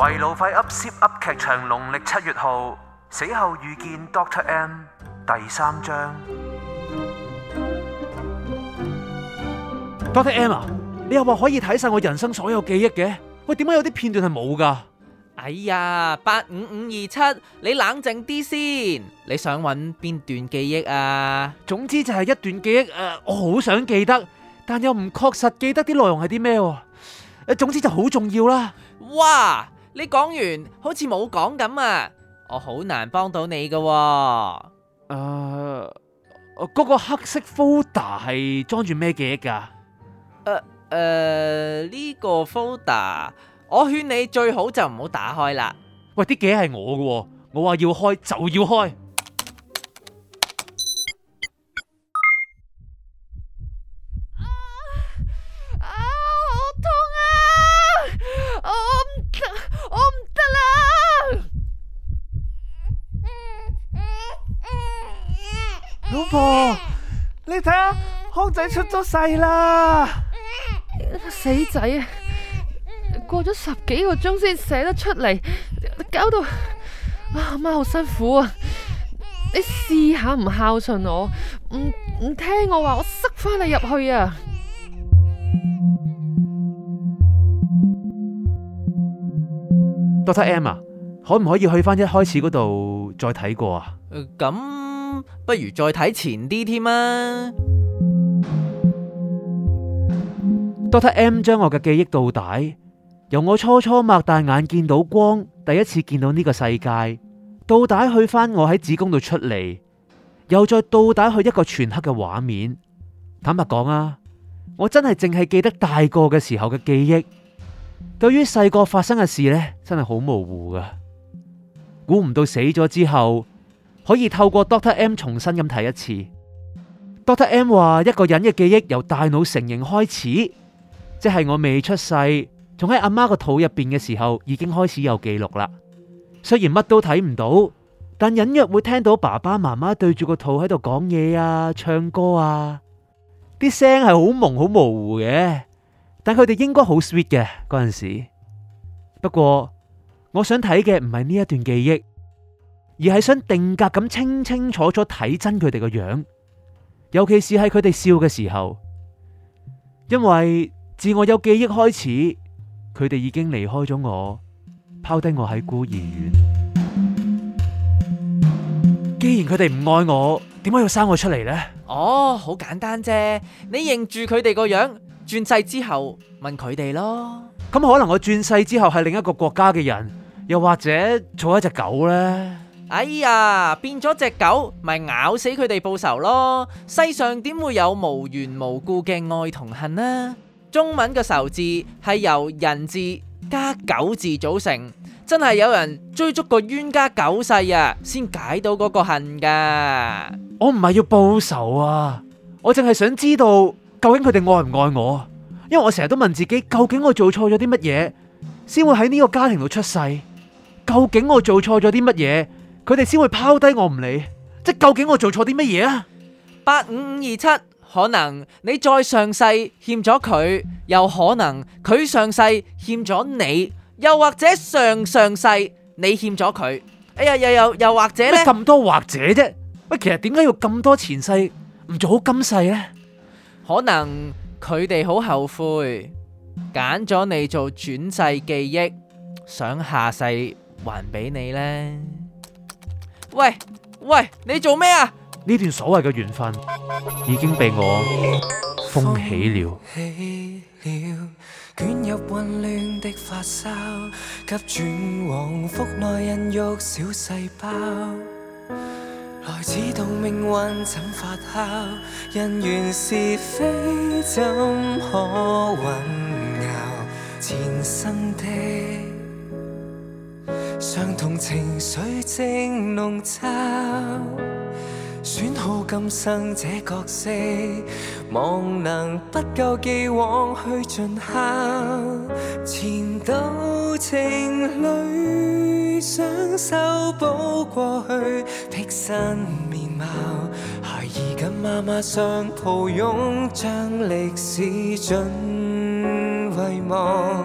維魯費 Zip 噏 Zip 噏劇場農曆七月號，死後遇見 Doctor M 第三章。Doctor M 啊，你又話可以睇晒我人生所有記憶嘅，喂，點解有啲片段係冇噶？哎呀，八五五二七，你冷靜啲先。你想搵邊段記憶啊？總之就係一段記憶誒、呃，我好想記得，但又唔確實記得啲內容係啲咩？誒，總之就好重要啦。哇！你講完好似冇講咁啊！我好難幫到你噶喎。誒，嗰個黑色 folder 係裝住咩記憶噶？誒誒，呢個 folder 我勸你最好就唔好打開啦。喂，啲記憶係我嘅，我話要開就要開。老婆，你睇下康仔出咗世啦，死仔啊！過咗十幾個鐘先寫得出嚟，搞到阿媽好辛苦啊！你試下唔孝順我，唔唔聽我話，我塞翻你入去啊！Doctor M 啊，可唔可以去翻一開始嗰度再睇過啊？誒、呃，咁。不如再睇前啲添啊！Doctor M 將我嘅記憶倒帶，由我初初擘大眼見到光，第一次見到呢個世界，倒帶去翻我喺子宮度出嚟，又再倒帶去一個全黑嘅畫面。坦白講啊，我真係淨係記得大個嘅時候嘅記憶，對於細個發生嘅事呢，真係好模糊噶。估唔到死咗之後。可以透過 Doctor M 重新咁睇一次。Doctor M 話一個人嘅記憶由大腦成形開始，即係我未出世，仲喺阿媽個肚入邊嘅時候已經開始有記錄啦。雖然乜都睇唔到，但隱約會聽到爸爸媽媽對住個肚喺度講嘢啊、唱歌啊，啲聲係好朦好模糊嘅，但佢哋應該好 sweet 嘅嗰陣時。不過我想睇嘅唔係呢一段記憶。而係想定格咁清清楚楚睇真佢哋個樣，尤其是喺佢哋笑嘅時候，因為自我有記憶開始，佢哋已經離開咗我，拋低我喺孤兒院。 既然佢哋唔愛我，點解要生我出嚟呢？哦，好簡單啫，你認住佢哋個樣，轉世之後問佢哋咯。咁可能我轉世之後係另一個國家嘅人，又或者做一隻狗呢。哎呀，變咗隻狗，咪咬死佢哋報仇咯！世上點會有無緣無故嘅愛同恨呢？中文嘅仇字係由人字加狗字組成，真係有人追逐個冤家九世啊，先解到嗰個恨噶。我唔係要報仇啊，我淨係想知道究竟佢哋愛唔愛我，因為我成日都問自己究，究竟我做錯咗啲乜嘢，先會喺呢個家庭度出世？究竟我做錯咗啲乜嘢？佢哋先會拋低我唔理，即究竟我做錯啲乜嘢啊？八五五二七，可能你再上世欠咗佢，又可能佢上世欠咗你，又或者上上世你欠咗佢。哎呀，又又又或者咧？咁多或者啫？喂，其實點解要咁多前世唔做好今世咧？可能佢哋好後悔，揀咗你做轉世記憶，想下世還俾你咧。喂喂，你做咩啊？呢段所謂嘅緣分已經被我封起了。捲入混亂的髮梢，急轉彎，腹內孕育小細胞，來知道命運怎發酵，人緣是非怎可混淆，前生的像同情緒正濃稠，選好今生這角色，望能不咎既往去盡孝。前度情侶想修補過去的新面貌，孩兒跟媽媽相抱擁，將歷史盡遺忘。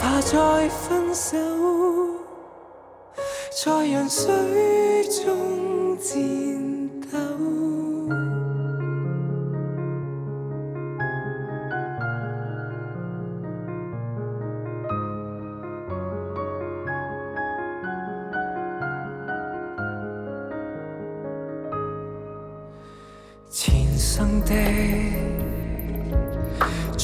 怕再分手，在人世中顫抖，前生的。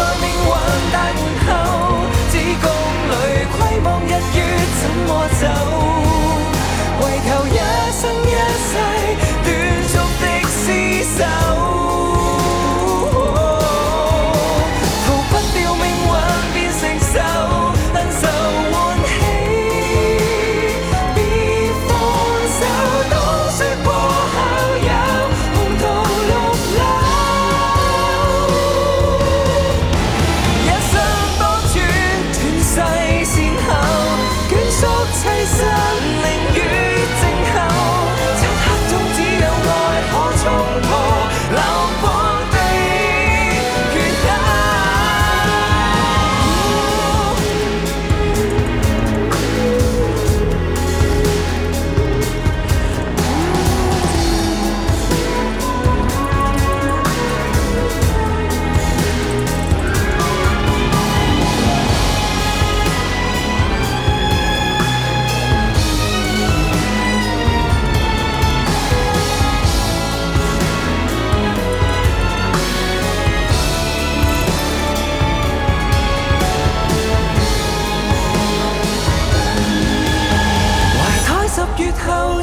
在命運大門口，子宮裏窺望日月，怎麼走？